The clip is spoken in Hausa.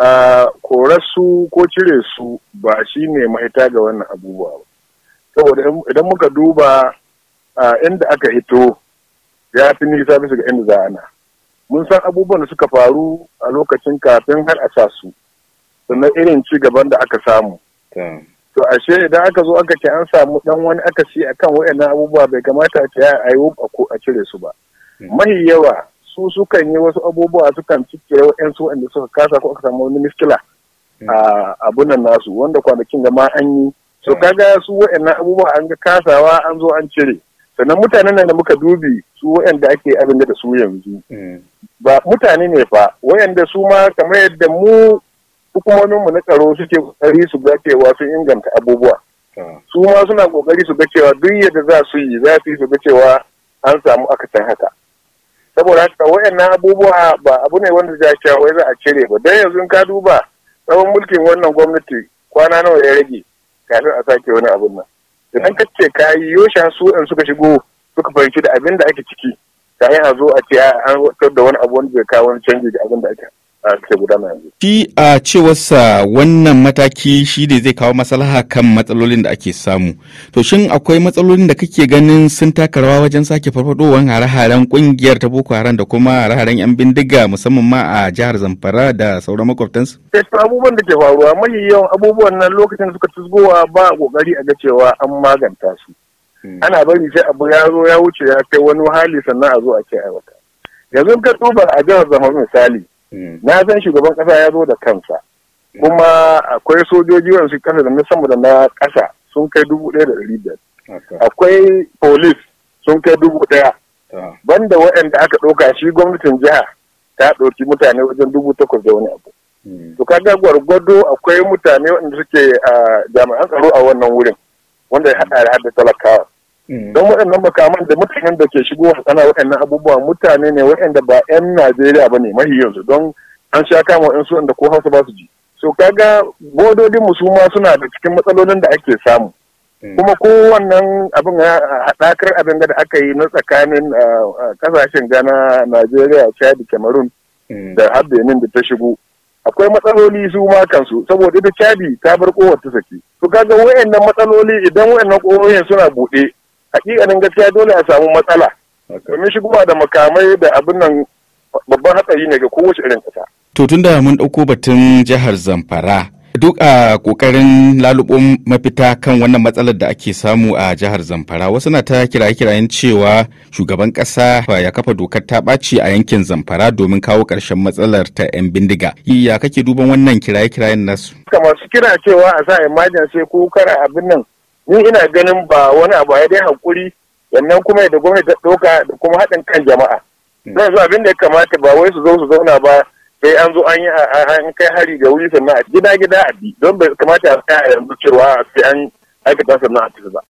A su ko cire su ba shi ne mahita ga wannan abubuwa ba saboda idan muka duba inda aka hito ya fi nisa bisa ga inda za mun san abubuwan da suka faru a lokacin kafin har a sa su sannan irin ci gaban da aka samu to ashe idan aka zo aka ce an samu dan wani aka ci akan wayannan abubuwa bai kamata a ce a yi a cire su ba hmm. mahi yawa su sukan yi wasu abubuwa sukan yan su wanda suka kasa ko aka samu wani miskila hmm. a abunan nasu wanda kwanakin gama an yi so hmm. kaga su waɗannan abubuwa an ga kasawa an zo an cire sannan mutanen nan da muka dubi su da ake abin da su yanzu hmm. ba mutane ne fa da su ma kamar yadda mu hukumominmu na tsaro suke ƙoƙari su ga cewa sun inganta abubuwa su ma suna ƙoƙari su ga cewa duk yadda za su yi za su yi su ga cewa an samu akasin haka saboda haka waɗannan abubuwa ba abu ne wanda za a wai za a cire ba don yanzu ka duba tsawon mulkin wannan gwamnati kwana nawa ya rage kafin a sake wani abun nan idan ka ce ka yi yosha su in suka shigo suka fahimci da abin da ake ciki kafin a zo a ce an da wani abu wanda zai kawo canji da abin da ake ake gudana yanzu. Shi a cewarsa wannan mataki shi ne zai kawo maslaha kan matsalolin da ake samu. To shin akwai matsalolin da kake ganin sun taka rawa wajen sake farfadowar hare-haren kungiyar ta Boko Haram da kuma hare-haren 'yan bindiga musamman ma a jihar Zamfara da sauran makwabtansu? Sai eh, abubuwan da ke faruwa mafi yawan abubuwan nan lokacin da suka tuzgowa ba a kokari a ga cewa an maganta su. Hmm. Ana bari sai abu ya zo ya wuce ya kai wani hali sannan a zo a ke aiwata. Yanzu ka tuba a jihar Zamfara misali. Eh, na san shugaban kasa ya zo da kansa eh. kuma akwai sojoji wani suke kasa da na sama da na kasa sun kai dubu ɗaya da ɗari biyar akwai polis sun kai dubu ɗaya banda waɗanda aka ɗauka shi gwamnatin jiha ta ɗauki mutane wajen dubu takwas da wani abu hmm. to kaga gwargwado akwai mutane waɗanda suke ah, jami'an tsaro a wannan wurin wanda ya haɗa da talakawa don waɗannan makaman da mutanen da ke shigo tsana waɗannan abubuwa mutane ne waɗanda ba 'yan najeriya ba ne mahi yanzu don an sha kama waɗansu wanda ko hausa ba su ji so kaga bododin mu ma suna da cikin matsalolin da ake samu hmm. kuma kowannan abin haɗakar abin da aka yi na tsakanin kasashen ah, ah, gana najeriya chad cameroon hmm. da har da ta shigo akwai matsaloli su ma kansu saboda ita chadi ta bar kowar ta saki to kaga waɗannan matsaloli idan waɗannan kohohin suna buɗe hakikanin gaskiya dole a samu matsala domin shigowa da makamai da abin nan babban hatsari ne ga kowace irin kasa. To tun da mun ɗauko batun jihar Zamfara duk a kokarin lalubo mafita kan wannan matsalar da ake samu a jihar zamfara wasu na ta kiraye-kirayen cewa shugaban ƙasa ya kafa dokar ta ɓaci a yankin zamfara domin kawo ƙarshen matsalar ta 'yan bindiga ya kake duban wannan kiraye-kirayen nasu kamar su kira cewa a sa emergency ko kara abin nan ni ina ganin ba wani abu ya dai hakuri sannan kuma da gwamnati ta ɗauka da kuma haɗin kan jama'a hmm. Zan yanzu abin da ya kamata ba wai su zo su zauna ba sai an zo an yi an kai hari ga wuri sannan a gida gida a bi don bai kamata a yanzu cewa sai an aikata sannan a tafi ba.